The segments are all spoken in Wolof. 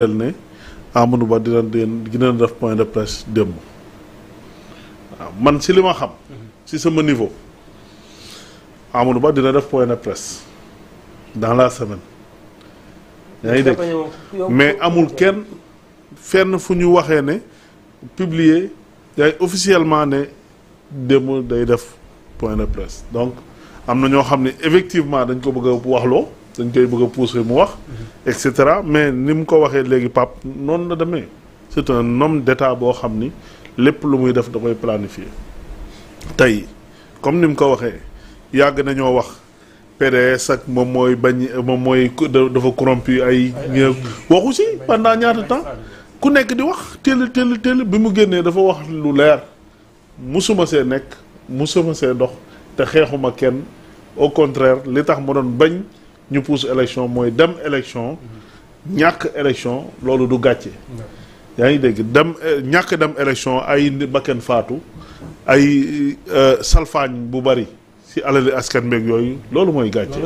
tel ne amadou ba dina dina def point de presse dem man ci lima xam ci sama niveau amadou ba def point de presse dans la semaine dek mais amul kenn fenn fu ñu waxé né publier yaay officiellement né dem day def point de presse donc amna ño xamné effectivement dañ ko bëgg wax lo dañ koy bëgg a pousser mu wax et cetera mais ni mu ko waxee léegi pap noonu la demee c'est un homme d'état boo xam ni lépp lu muy def da koy planifier tey comme ni mu ko waxee yàgg nañoo wax PDS ak moom mooy bañ moom mooy dafa corrompu ay waxu si pendant ñaata temps ku nekk di wax teel teel teel bi mu génnee dafa wax lu leer musuma see nekk musuma see dox te xeexuma kenn au contraire li tax ma doon bañ ñu pouse élection mooy dem élection ñàkk élection loolu du gàcce yaa ngi dégg dem eh, ñàkk dem élection ay bakken faatu ay euh, salfaañ bu bari si alali askan beeg yooyu loolu mooy gàcce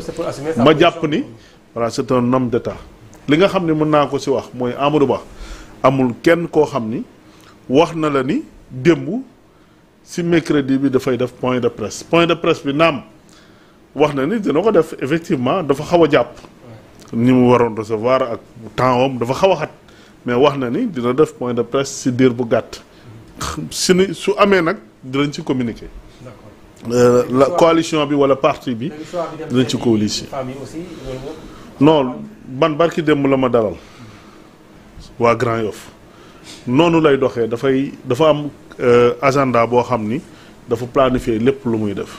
ma jàpp ni voilà c'est un homme d'état li nga xam ne mën naa ko si wax mooy Amadou Ba amul kenn koo xam ni wax na la ni démb si mercredi bi dafay def point de presse point de presse bi naam wax na ni dina ko def effectivement dafa xaw a jàpp ni mu waroon recevoir ak temps wam dafa xaw a xat mais wax na ni dina def point de presse si diir bu gàtt si ni su amee nag dinañ ci communiquer euh, la coalition bi wala parti bi dinañ ci coalition non ban barki démb la ma dalal waa Grand Yoff noonu lay doxee dafay dafa am euh, agenda boo xam ni dafa planifier lépp lu muy def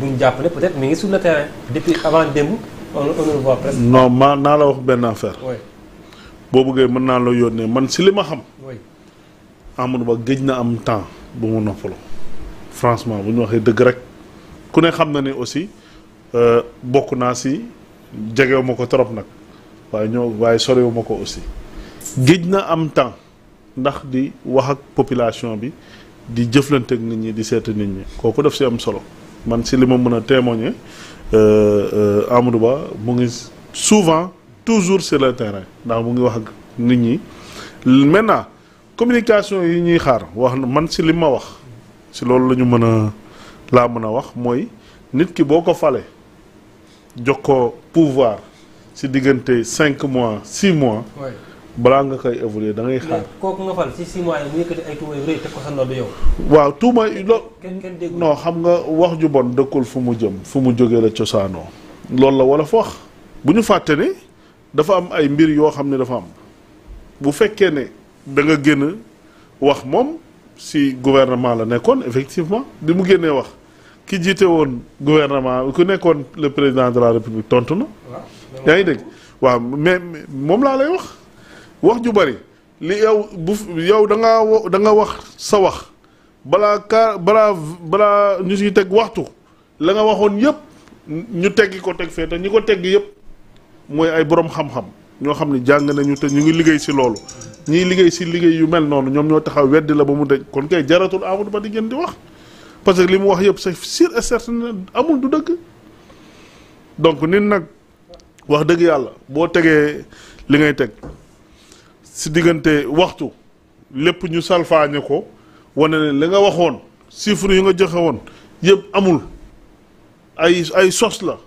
duñ jàpp peut-être mi ngi sur le terrain depuis avant démb on on le voit presque. non ma naa la wax benn affaire. boo bëggee mën naa la yónnee man si li ma xam. Amadou Ba gëj na am temps bu mu noppalu franchement bu ñu waxee dëgg rek ku ne xam na ne aussi euh, bokk naa si jegewu ma ko trop nak way ñoo way sorewu ma aussi gejna am temps ndax di wax ak population bi di jëflante ak nit ñi di seet nit ñi kooku daf ci am solo man si li ma mën a témoigner euh, euh, Amadou Ba mu ngi souvent toujours sur le terrain ndax mu ngi wax ak nit ñi maintenant communication yi ñuy xaar wax man si li ma wax si loolu la ñu mën a laa mën a wax mooy nit ki boo ko fale jox ko pouvoir si diggante 5 mois 6 mois. Ouais. balaa nga koy évoluer dangay ngay xaar. kooku nga fal ci six mois yi mu yëkkati ay tuuma yu rëy teg ko sa ndodd waaw tuuma yi xam nga wax ju bon dëkkul fu mu jëm fu mu jógee la cosaanoo. loolu la wala wax bu ñu fàtte ne dafa am ay mbir yoo xam ne dafa am bu fekkee ne da nga génn wax moom si gouvernement la nekkoon effectivement bi mu génnee wax ki jiite woon gouvernement ku nekkoon le président de la république tontu na. yaa ngi dégg waaw mais moom laa lay wax. wax ju bari li yow bu yow da nga da nga wax sa wax bala ka bala balaa ñu ci teg waxtu la nga waxon yépp ñu teggi ko teg fete ñi ko tegg yépp moy ay borom xam-xam ño xamni jang nañu te ñu ngi liggéey ci loolu ñi liggéey ci liggéey yu mel noonu ñom ño taxaw wedd la ba mu dëj kon kay jaratul amul Ba di gën di wax parce que limu wax yépp c'est sûr et certain amul du deug donc nin nak wax deug yalla bo li ngay tegg si diggante waxtu lépp ñu salfaañe ko wane ne li nga waxoon chiffre yu nga joxe woon yëpp amul ay ay sos la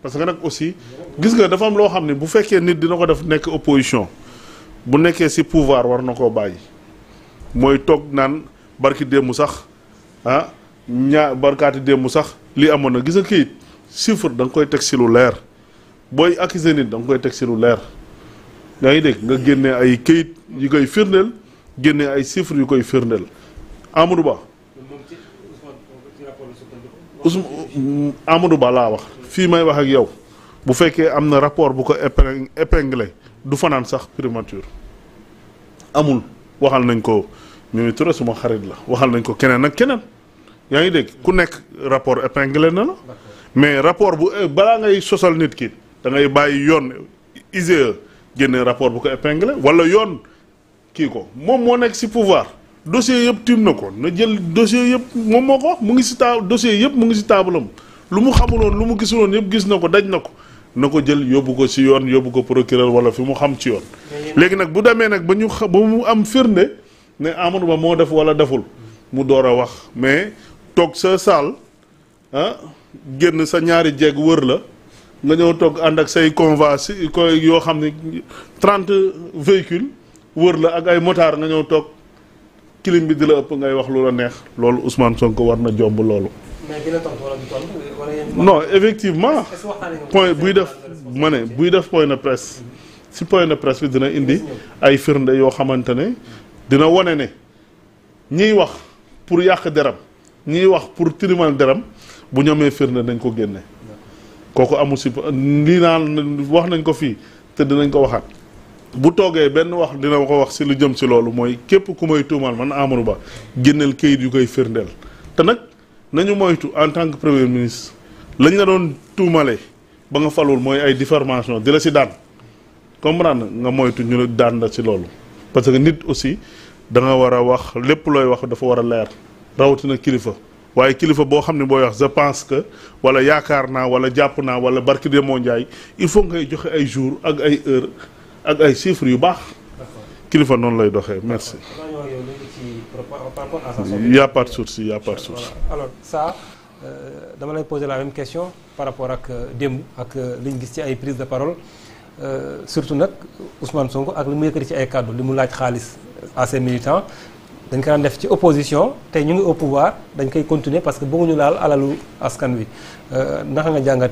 parce que nag aussi gis nga dafa am loo xam ne bu fekkee nit dina ko def nekk opposition bu nekkee si pouvoir war na koo bàyyi mooy toog naan barki démb sax ah ñaa barkaati démb sax lii amoon na gis nga kii chiffre da nga koy teg si lu leer booy accuser nit da nga koy teg si lu leer yaa ngi dégg nga génne ay këyit yu koy firndeel génne ay chiffres yu koy firndeel Amadou Ba. Ousmane Amadou Ba laa wax fii may wax ak yow bu fekkee am na rapport bu ko épinglé du fanaan sax primature amul waxal nañ ko Mimi Touré suma xarit la waxal nañ ko keneen ak keneen yaa ngi dégg ku nekk rapport épinglé na la mais rapport bu balaa ngay sosal nit ki da bàyyi yoon IGE génnee rapport bu ko épinglé wala yoon kii ko moom moo nekk si pouvoir dossier yëpp tiim na ko na jël dossier yëpp moom moo ko mu ngi si taa dossier yëpp mu ngi si taabalam lu mu xamuloon lu mu gisuloon yëpp gis na ko daj na ko na ko jël yóbbu ko si yoon yóbbu ko procureur wala fi mu xam ci yoon. léegi nag bu demee nag ba ñu ba mu am firnde ne Amadou Ba moo def wala deful mu door a wax mais toog sa saal ah, génn sa ñaari jeeg wër la. nga ñëw toog ànd ak say convois si koy yoo xam ne trente véhicules wër la ak ay motard nga ñëw toog kilim bi di la ëpp ngay wax lu la neex loolu Ousmane Sonko war na jomb loolu. non effectivement point buy def ma buy def point de presse si point de presse bi dina indi ay firnde yoo xamante ne dina wane ne ñiy wax pour yàq deram ñiy wax pour deram bu ñoomee firnde dañ ko génne. kooku amul si lii naan wax nañ ko fii te dinañ ko waxaat bu toogee benn wax dina ko wax si lu jëm si loolu mooy képp ku may tuumaal man Amadou Ba génneel kayit yu koy firndeel te nag nañu moytu en tant que premier ministre lañ la doon tuumale ba nga falul mooy ay diffamation di la si daan comprendre nga moytu ñu daan la si loolu parce que nit aussi da nga war a wax lépp looy wax dafa war a leer rawatina kilifa waaye kilifa boo xam ne booy wax je pense que wala yaakaar naa wala jàpp naa wala barki de Ndiaye il faut ngay joxe ay jours ak ay heures ak ay chiffres yu baax. kilifa noonu lay doxee merci. y a pas de souci y a pas de souci. alors ça euh, dama lay poser la même question par rapport ak euh, démb ak euh, liñ ñu gis ci ay prise de parole surtout nag Ousmane Sonko ak li mu yëkkati ci ay kàddu li mu laaj xaalis à ses militants dañ ko daan def ci opposition tey ñu ngi au pouvoir dañ koy continuer parce que ñu laal alalu askan wi euh, naka nga jàngat